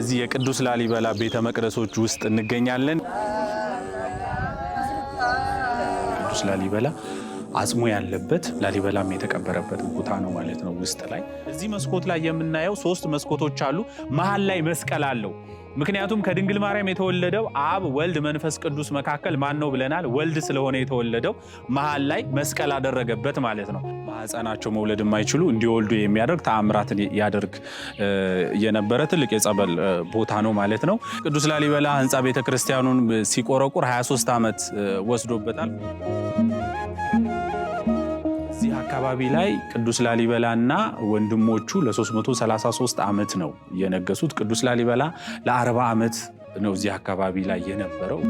እዚህ የቅዱስ ላሊበላ ቤተ መቅደሶች ውስጥ እንገኛለን። ቅዱስ ላሊበላ አጽሙ ያለበት ላሊበላም የተቀበረበት ቦታ ነው ማለት ነው። ውስጥ ላይ እዚህ መስኮት ላይ የምናየው ሶስት መስኮቶች አሉ። መሀል ላይ መስቀል አለው። ምክንያቱም ከድንግል ማርያም የተወለደው አብ፣ ወልድ፣ መንፈስ ቅዱስ መካከል ማን ነው ብለናል? ወልድ ስለሆነ የተወለደው መሀል ላይ መስቀል አደረገበት ማለት ነው። ማህፀናቸው መውለድ የማይችሉ እንዲወልዱ የሚያደርግ ተአምራትን ያደርግ የነበረ ትልቅ የጸበል ቦታ ነው ማለት ነው። ቅዱስ ላሊበላ ህንፃ ቤተክርስቲያኑን ሲቆረቁር 23 ዓመት ወስዶበታል። አካባቢ ላይ ቅዱስ ላሊበላ እና ወንድሞቹ ለ333 ዓመት ነው የነገሱት። ቅዱስ ላሊበላ ለ40 ዓመት ነው እዚህ አካባቢ ላይ የነበረው።